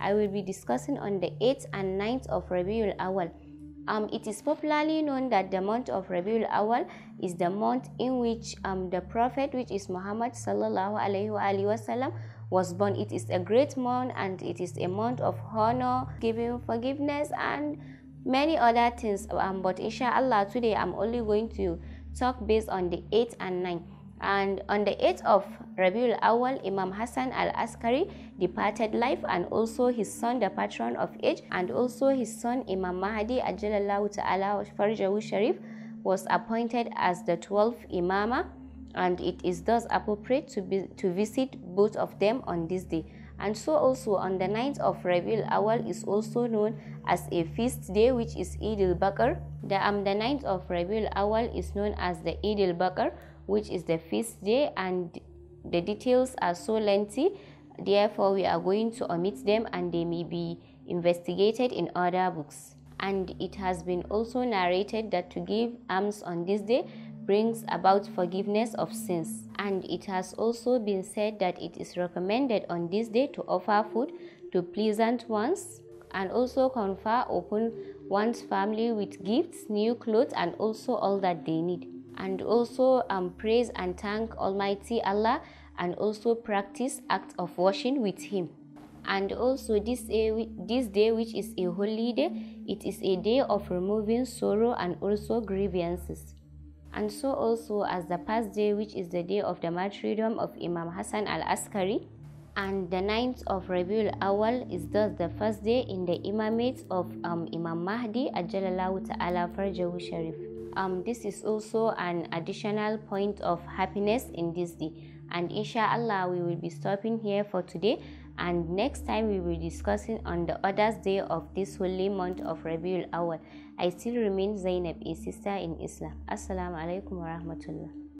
I will be discussing on the 8th and 9th of Rabiul Awal. Um, it is popularly known that the month of Rabiul Awal is the month in which um, the Prophet, which is Muhammad sallallahu alaihi wasallam, was born. It is a great month and it is a month of honor, giving forgiveness, and many other things. Um, but inshallah, today I'm only going to talk based on the 8th and 9th. And on the 8th of Rabiul Awal, Imam Hassan al Askari departed life, and also his son, the patron of age, and also his son, Imam Mahdi Ajalallahu Ta'ala Farjahu Sharif, was appointed as the 12th Imama, and it is thus appropriate to, be, to visit both of them on this day. And so, also on the 9th of Rabiul Awal is also known as a feast day, which is Eid al Bakr. The, um, the 9th of Rabiul Awal is known as the Eid al Bakr which is the feast day, and the details are so lengthy, therefore, we are going to omit them and they may be investigated in other books. And it has been also narrated that to give alms on this day brings about forgiveness of sins. And it has also been said that it is recommended on this day to offer food to pleasant ones and also confer upon one's family with gifts, new clothes, and also all that they need and also um, praise and thank Almighty Allah and also practice act of washing with Him. And also this day, eh, this day which is a holy day, it is a day of removing sorrow and also grievances. And so also as the past day which is the day of the martyrdom of Imam Hassan al-Askari, and the ninth of Rabiul Awal is thus the first day in the imamate of um, Imam Mahdi Ajalallahu Ta'ala Farjahu Sharif. Um, this is also an additional point of happiness in this day. And inshallah, we will be stopping here for today. And next time, we will be discussing on the other day of this holy month of Rabiul Awal. I still remain Zainab, a sister in Islam. Assalamu alaikum wa rahmatullah.